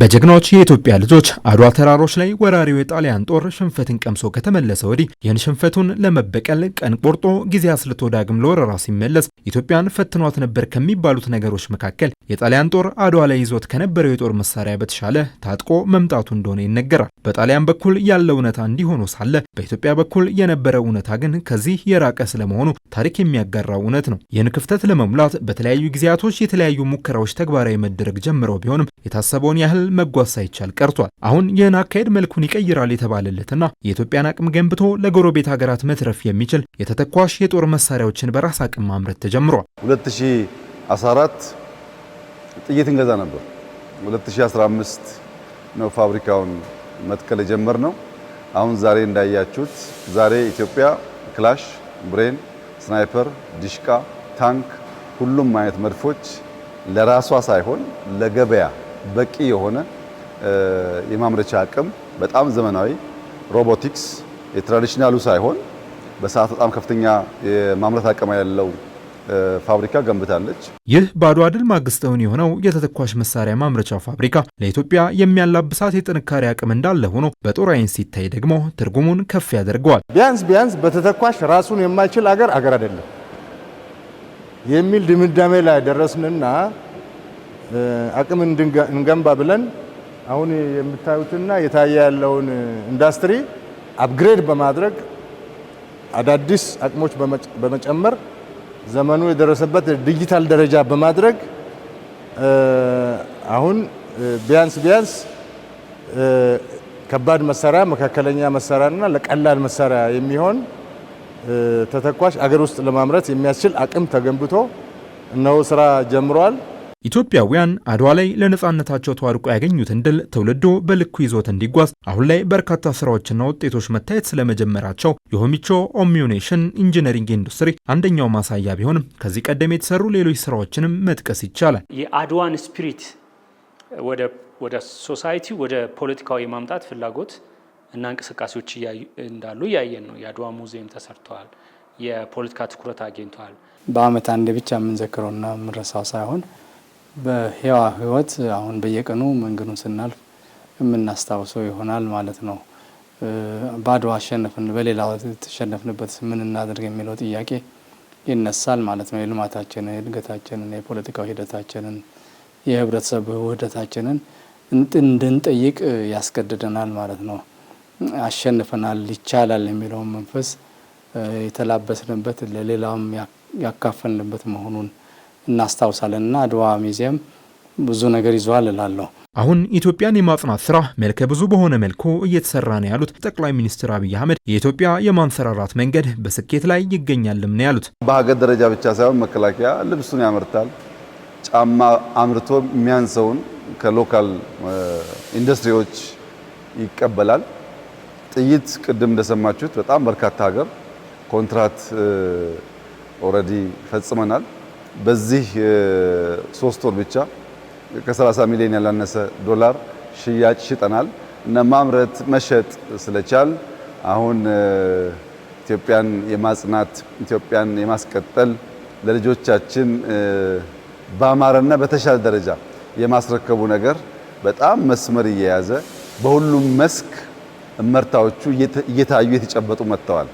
በጀግናዎች የኢትዮጵያ ልጆች አድዋ ተራሮች ላይ ወራሪው የጣሊያን ጦር ሽንፈትን ቀምሶ ከተመለሰ ወዲህ ይህን ሽንፈቱን ለመበቀል ቀን ቆርጦ ጊዜ አስልቶ ዳግም ለወረራ ሲመለስ ኢትዮጵያን ፈትኗት ነበር ከሚባሉት ነገሮች መካከል የጣሊያን ጦር አድዋ ላይ ይዞት ከነበረው የጦር መሳሪያ በተሻለ ታጥቆ መምጣቱ እንደሆነ ይነገራል። በጣሊያን በኩል ያለ እውነታ እንዲሆኖ ሳለ በኢትዮጵያ በኩል የነበረው እውነታ ግን ከዚህ የራቀ ስለመሆኑ ታሪክ የሚያጋራው እውነት ነው። ይህን ክፍተት ለመሙላት በተለያዩ ጊዜያቶች የተለያዩ ሙከራዎች ተግባራዊ መደረግ ጀምረው ቢሆንም የታሰበውን ያህል መጓዝ ሳይቻል ቀርቷል። አሁን ይህን አካሄድ መልኩን ይቀይራል የተባለለትና የኢትዮጵያን አቅም ገንብቶ ለጎረቤት ሀገራት መትረፍ የሚችል የተተኳሽ የጦር መሳሪያዎችን በራስ አቅም ማምረት ተጀምሯል። 2014 ጥይት እንገዛ ነበር። 2015 ነው ፋብሪካውን መትከል ነው። አሁን ዛሬ እንዳያችሁት ዛሬ ኢትዮጵያ ክላሽ፣ ብሬን፣ ስናይፐር፣ ዲሽቃ፣ ታንክ፣ ሁሉም አይነት መድፎች ለራሷ ሳይሆን ለገበያ በቂ የሆነ የማምረቻ አቅም በጣም ዘመናዊ ሮቦቲክስ የትራዲሽናሉ ሳይሆን በሰዓት በጣም ከፍተኛ የማምረት አቅም ያለው ፋብሪካ ገንብታለች። ይህ በአድዋ ድል ማግስት እውን የሆነው የተተኳሽ መሳሪያ ማምረቻ ፋብሪካ ለኢትዮጵያ የሚያላብሳት የጥንካሬ አቅም እንዳለ ሆኖ በጦር አይን ሲታይ ደግሞ ትርጉሙን ከፍ ያደርገዋል። ቢያንስ ቢያንስ በተተኳሽ ራሱን የማይችል አገር አገር አይደለም የሚል ድምዳሜ ላይ ደረስንና አቅም እንገንባ ብለን አሁን የምታዩትና የታየ ያለውን ኢንዱስትሪ አፕግሬድ በማድረግ አዳዲስ አቅሞች በመጨመር ዘመኑ የደረሰበት ዲጂታል ደረጃ በማድረግ አሁን ቢያንስ ቢያንስ ከባድ መሳሪያ፣ መካከለኛ መሳሪያ እና ለቀላል መሳሪያ የሚሆን ተተኳሽ አገር ውስጥ ለማምረት የሚያስችል አቅም ተገንብቶ እነሆ ስራ ጀምሯል። ኢትዮጵያውያን አድዋ ላይ ለነጻነታቸው ተዋድቆ ያገኙትን ድል ትውልዱ በልኩ ይዞት እንዲጓዝ አሁን ላይ በርካታ ስራዎችና ውጤቶች መታየት ስለመጀመራቸው የሆሚቾ ኦሚዩኔሽን ኢንጂነሪንግ ኢንዱስትሪ አንደኛው ማሳያ ቢሆንም ከዚህ ቀደም የተሰሩ ሌሎች ስራዎችንም መጥቀስ ይቻላል። የአድዋን ስፒሪት ወደ ሶሳይቲ ወደ ፖለቲካዊ የማምጣት ፍላጎት እና እንቅስቃሴዎች እንዳሉ እያየን ነው። የአድዋ ሙዚየም ተሰርተዋል። የፖለቲካ ትኩረት አግኝተዋል። በአመት አንድ ብቻ የምንዘክረውና የምንረሳው ሳይሆን በህዋ ህይወት አሁን በየቀኑ መንገዱን ስናልፍ የምናስታውሰው ይሆናል ማለት ነው። በአድዋ አሸነፍን በሌላ ተሸነፍንበት ምን እናድርግ የሚለው ጥያቄ ይነሳል ማለት ነው። የልማታችንን፣ የእድገታችንን፣ የፖለቲካዊ ሂደታችንን፣ የህብረተሰብ ውህደታችንን እንድንጠይቅ ያስገድደናል ማለት ነው። አሸንፈናል፣ ይቻላል የሚለውን መንፈስ የተላበስንበት ለሌላውም ያካፈልንበት መሆኑን እናስታውሳለን እና አድዋ ሚዚየም ብዙ ነገር ይዟል እላለሁ። አሁን ኢትዮጵያን የማጽናት ስራ መልከ ብዙ በሆነ መልኩ እየተሰራ ነው ያሉት ጠቅላይ ሚኒስትር አብይ አህመድ የኢትዮጵያ የማንሰራራት መንገድ በስኬት ላይ ይገኛልም ነው ያሉት። በሀገር ደረጃ ብቻ ሳይሆን መከላከያ ልብሱን ያመርታል፣ ጫማ አምርቶ የሚያንሰውን ከሎካል ኢንዱስትሪዎች ይቀበላል። ጥይት ቅድም እንደሰማችሁት በጣም በርካታ ሀገር ኮንትራት ኦልሬዲ ፈጽመናል። በዚህ ሶስት ወር ብቻ ከ30 ሚሊዮን ያላነሰ ዶላር ሽያጭ ሽጠናል እና ማምረት መሸጥ ስለቻል አሁን ኢትዮጵያን የማጽናት ኢትዮጵያን የማስቀጠል ለልጆቻችን ባማረና በተሻለ ደረጃ የማስረከቡ ነገር በጣም መስመር እየያዘ በሁሉም መስክ እመርታዎቹ እየታዩ የተጨበጡ መጥተዋል።